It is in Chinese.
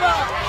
w o